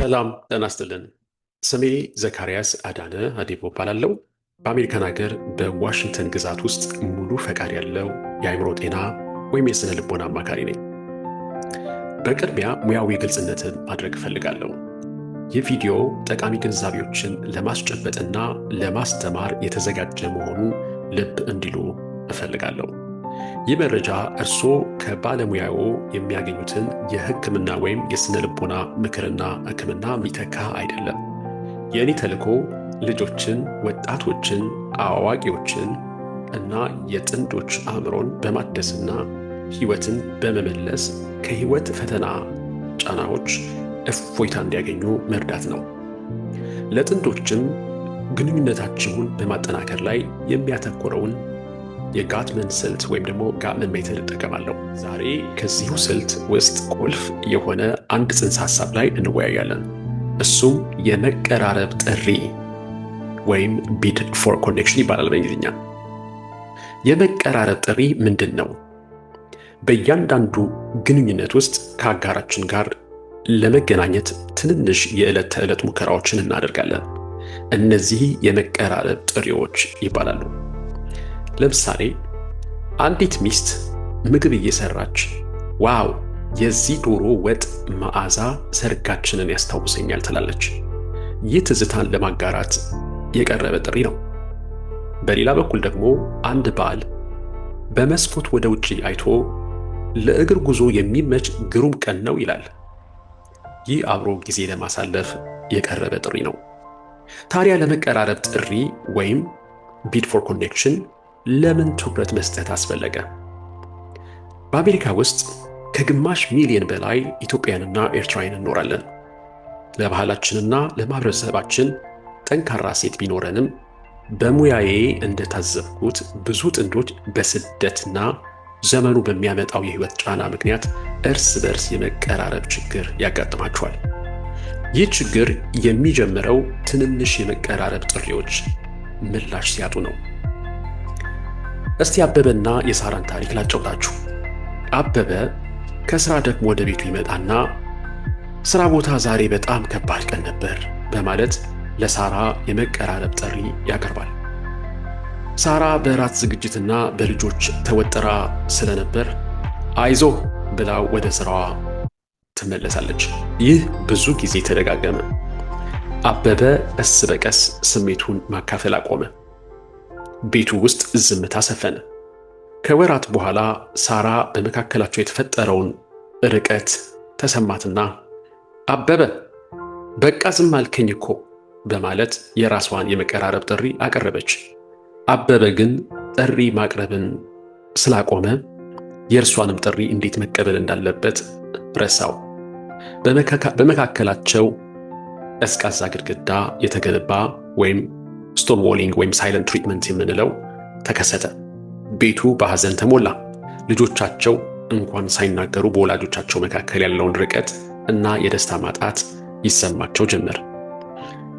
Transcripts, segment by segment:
ሰላም ጠናስጥልን ስሜ ዘካርያስ አዳነ አዴቦ ባላለው በአሜሪካን ሀገር በዋሽንግተን ግዛት ውስጥ ሙሉ ፈቃድ ያለው የአይምሮ ጤና ወይም የስነ ልቦና አማካሪ ነኝ። በቅድሚያ ሙያዊ ግልጽነትን ማድረግ እፈልጋለሁ። ይህ ቪዲዮ ጠቃሚ ግንዛቤዎችን ለማስጨበጥና ለማስተማር የተዘጋጀ መሆኑ ልብ እንዲሉ እፈልጋለሁ። ይህ መረጃ እርስዎ ከባለሙያው የሚያገኙትን የህክምና ወይም የስነ ልቦና ምክርና ህክምና ሚተካ አይደለም። የእኔ ተልኮ ልጆችን፣ ወጣቶችን፣ አዋቂዎችን እና የጥንዶች አእምሮን በማደስና ህይወትን በመመለስ ከህይወት ፈተና ጫናዎች እፎይታ እንዲያገኙ መርዳት ነው። ለጥንዶችም ግንኙነታችሁን በማጠናከር ላይ የሚያተኮረውን የጋትመን ስልት ወይም ደግሞ ጋትመን ሜትድ እጠቀማለሁ። ዛሬ ከዚሁ ስልት ውስጥ ቁልፍ የሆነ አንድ ጽንሰ ሀሳብ ላይ እንወያያለን። እሱም የመቀራረብ ጥሪ ወይም ቢድ ፎር ኮኔክሽን ይባላል በእንግሊዝኛ። የመቀራረብ ጥሪ ምንድን ነው? በእያንዳንዱ ግንኙነት ውስጥ ከአጋራችን ጋር ለመገናኘት ትንንሽ የዕለት ተዕለት ሙከራዎችን እናደርጋለን። እነዚህ የመቀራረብ ጥሪዎች ይባላሉ። ለምሳሌ አንዲት ሚስት ምግብ እየሰራች ዋው የዚህ ዶሮ ወጥ መዓዛ ሰርጋችንን ያስታውሰኛል ትላለች። ይህ ትዝታን ለማጋራት የቀረበ ጥሪ ነው። በሌላ በኩል ደግሞ አንድ ባል በመስኮት ወደ ውጪ አይቶ ለእግር ጉዞ የሚመች ግሩም ቀን ነው ይላል። ይህ አብሮ ጊዜ ለማሳለፍ የቀረበ ጥሪ ነው። ታዲያ ለመቀራረብ ጥሪ ወይም ቢድ ፎር ኮኔክሽን ለምን ትኩረት መስጠት አስፈለገ? በአሜሪካ ውስጥ ከግማሽ ሚሊዮን በላይ ኢትዮጵያንና ኤርትራውያን እንኖራለን። ለባህላችንና ለማህበረሰባችን ጠንካራ ሴት ቢኖረንም በሙያዬ እንደታዘብኩት ብዙ ጥንዶች በስደትና ዘመኑ በሚያመጣው የህይወት ጫና ምክንያት እርስ በርስ የመቀራረብ ችግር ያጋጥማቸዋል። ይህ ችግር የሚጀምረው ትንንሽ የመቀራረብ ጥሪዎች ምላሽ ሲያጡ ነው። እስቲ አበበና የሳራን ታሪክ ላጫውታችሁ። አበበ ከስራ ደክሞ ወደ ቤቱ ይመጣና ስራ ቦታ ዛሬ በጣም ከባድ ቀን ነበር በማለት ለሳራ የመቀራረብ ጥሪ ያቀርባል። ሳራ በራት ዝግጅትና በልጆች ተወጥራ ስለነበር አይዞህ ብላ ወደ ስራዋ ትመለሳለች። ይህ ብዙ ጊዜ ተደጋገመ። አበበ ቀስ በቀስ ስሜቱን ማካፈል አቆመ። ቤቱ ውስጥ ዝምታ ሰፈነ። ከወራት በኋላ ሳራ በመካከላቸው የተፈጠረውን ርቀት ተሰማትና አበበ በቃ ዝም አልከኝ እኮ በማለት የራሷን የመቀራረብ ጥሪ አቀረበች። አበበ ግን ጥሪ ማቅረብን ስላቆመ የእርሷንም ጥሪ እንዴት መቀበል እንዳለበት ረሳው። በመካከላቸው ቀዝቃዛ ግድግዳ የተገነባ ወይም ስቶን ዎሊንግ ወይም ሳይለንት ትሪትመንት የምንለው ተከሰተ። ቤቱ በሐዘን ተሞላ። ልጆቻቸው እንኳን ሳይናገሩ በወላጆቻቸው መካከል ያለውን ርቀት እና የደስታ ማጣት ይሰማቸው ጀመር።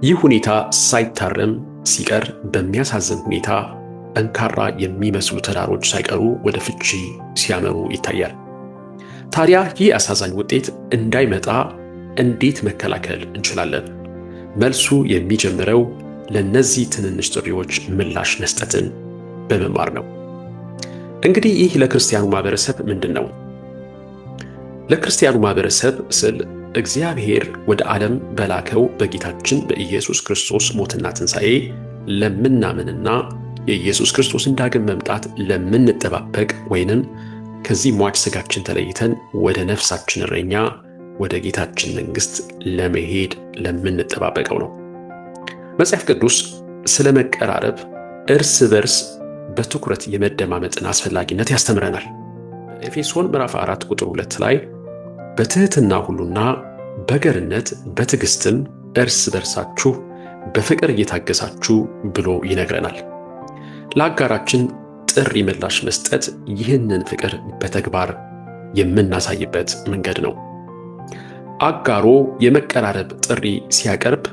ይህ ሁኔታ ሳይታረም ሲቀር በሚያሳዝን ሁኔታ ጠንካራ የሚመስሉ ተዳሮች ሳይቀሩ ወደ ፍቺ ሲያመሩ ይታያል። ታዲያ ይህ አሳዛኝ ውጤት እንዳይመጣ እንዴት መከላከል እንችላለን? መልሱ የሚጀምረው ለእነዚህ ትንንሽ ጥሪዎች ምላሽ መስጠትን በመማር ነው። እንግዲህ ይህ ለክርስቲያኑ ማህበረሰብ ምንድን ነው? ለክርስቲያኑ ማህበረሰብ ስል እግዚአብሔር ወደ ዓለም በላከው በጌታችን በኢየሱስ ክርስቶስ ሞትና ትንሣኤ ለምናምንና የኢየሱስ ክርስቶስን ዳግም መምጣት ለምንጠባበቅ ወይንም ከዚህ ሟች ሥጋችን ተለይተን ወደ ነፍሳችን እረኛ ወደ ጌታችን መንግሥት ለመሄድ ለምንጠባበቀው ነው። መጽሐፍ ቅዱስ ስለ መቀራረብ፣ እርስ በርስ በትኩረት የመደማመጥን አስፈላጊነት ያስተምረናል። ኤፌሶን ምዕራፍ 4 ቁጥር 2 ላይ በትህትና ሁሉና በገርነት በትዕግስትም እርስ በርሳችሁ በፍቅር እየታገሳችሁ ብሎ ይነግረናል። ለአጋራችን ጥሪ ምላሽ መስጠት ይህንን ፍቅር በተግባር የምናሳይበት መንገድ ነው። አጋሮ የመቀራረብ ጥሪ ሲያቀርብ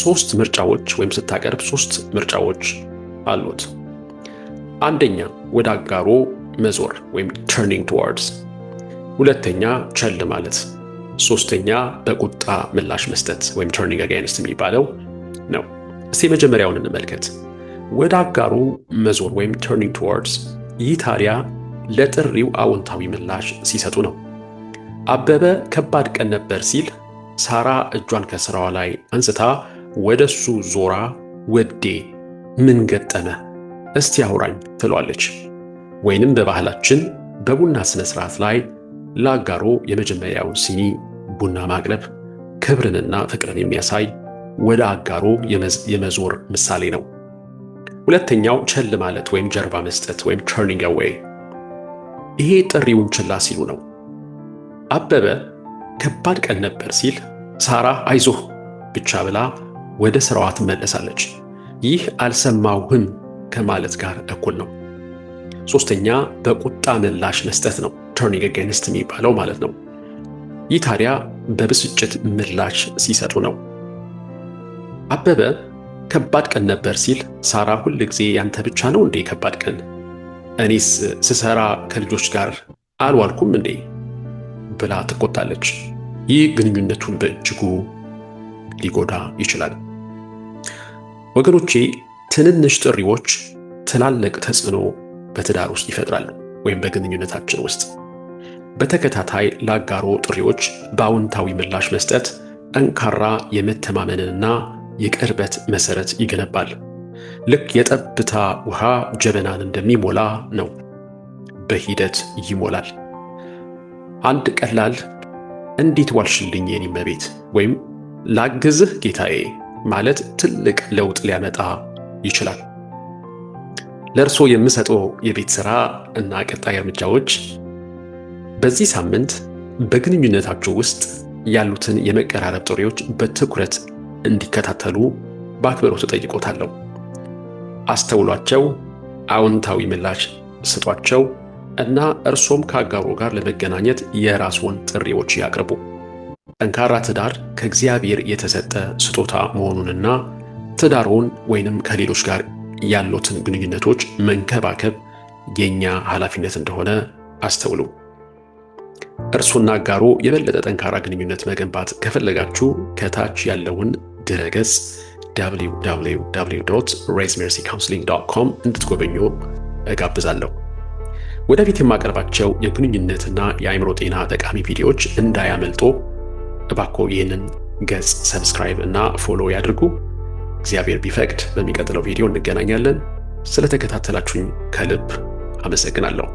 ሶስት ምርጫዎች ወይም ስታቀርብ ሶስት ምርጫዎች አሉት። አንደኛ ወደ አጋሮ መዞር ወይም turning towards፣ ሁለተኛ ቸል ማለት፣ ሶስተኛ በቁጣ ምላሽ መስጠት ወይም turning against የሚባለው ነው። እስቲ የመጀመሪያውን እንመልከት። ወደ አጋሩ መዞር ወይም turning towards፣ ይህ ታዲያ ለጥሪው አዎንታዊ ምላሽ ሲሰጡ ነው። አበበ ከባድ ቀን ነበር ሲል ሳራ እጇን ከስራዋ ላይ አንስታ ወደ እሱ ዞራ ወዴ ምን ገጠመ እስቲ አውራኝ ትሏለች። ወይንም በባህላችን በቡና ሥነ ሥርዓት ላይ ለአጋሮ የመጀመሪያውን ሲኒ ቡና ማቅረብ ክብርንና ፍቅርን የሚያሳይ ወደ አጋሮ የመዞር ምሳሌ ነው። ሁለተኛው ቸል ማለት ወይም ጀርባ መስጠት ወይም ተርኒንግ አዌይ፣ ይሄ ጥሪውን ችላ ሲሉ ነው። አበበ ከባድ ቀን ነበር ሲል ሳራ አይዞህ ብቻ ብላ ወደ ስራዋ ትመለሳለች። ይህ አልሰማሁህም ከማለት ጋር እኩል ነው። ሶስተኛ በቁጣ ምላሽ መስጠት ነው፣ ተርኒንግ አጌንስት የሚባለው ማለት ነው። ይህ ታዲያ በብስጭት ምላሽ ሲሰጡ ነው። አበበ ከባድ ቀን ነበር ሲል ሳራ ሁል ጊዜ ያንተ ብቻ ነው እንዴ ከባድ ቀን? እኔስ ስሰራ ከልጆች ጋር አልዋልኩም እንዴ? ብላ ትቆጣለች። ይህ ግንኙነቱን በእጅጉ ሊጎዳ ይችላል። ወገኖቼ ትንንሽ ጥሪዎች ትላልቅ ተጽዕኖ በትዳር ውስጥ ይፈጥራሉ ወይም በግንኙነታችን ውስጥ። በተከታታይ ለአጋሮ ጥሪዎች በአውንታዊ ምላሽ መስጠት ጠንካራ የመተማመንንና የቅርበት መሰረት ይገነባል። ልክ የጠብታ ውሃ ጀበናን እንደሚሞላ ነው፣ በሂደት ይሞላል። አንድ ቀላል እንዴት ዋልሽልኝ የኔ እመቤት ወይም ላግዝህ ጌታዬ ማለት ትልቅ ለውጥ ሊያመጣ ይችላል። ለእርሶ የምሰጠው የቤት ሥራ እና ቀጣይ እርምጃዎች በዚህ ሳምንት በግንኙነታችሁ ውስጥ ያሉትን የመቀራረብ ጥሪዎች በትኩረት እንዲከታተሉ በአክብሮት ተጠይቆታለሁ። አስተውሏቸው፣ አዎንታዊ ምላሽ ስጧቸው። እና እርሶም ከአጋሮ ጋር ለመገናኘት የራስዎን ጥሪዎች ያቅርቡ። ጠንካራ ትዳር ከእግዚአብሔር የተሰጠ ስጦታ መሆኑንና ትዳሮን ወይንም ከሌሎች ጋር ያሉትን ግንኙነቶች መንከባከብ የእኛ ኃላፊነት እንደሆነ አስተውሉ። እርሶና አጋሮ የበለጠ ጠንካራ ግንኙነት መገንባት ከፈለጋችሁ ከታች ያለውን ድረገጽ www ሬዝ ሜርሲ ካውንስሊንግ ዶት ኮም እንድትጎበኙ እጋብዛለሁ። ወደፊት የማቀርባቸው የግንኙነትና የአእምሮ ጤና ጠቃሚ ቪዲዮዎች እንዳያመልጦ እባኮ ይህንን ገጽ ሰብስክራይብ እና ፎሎ ያድርጉ። እግዚአብሔር ቢፈቅድ በሚቀጥለው ቪዲዮ እንገናኛለን። ስለተከታተላችሁኝ ከልብ አመሰግናለሁ።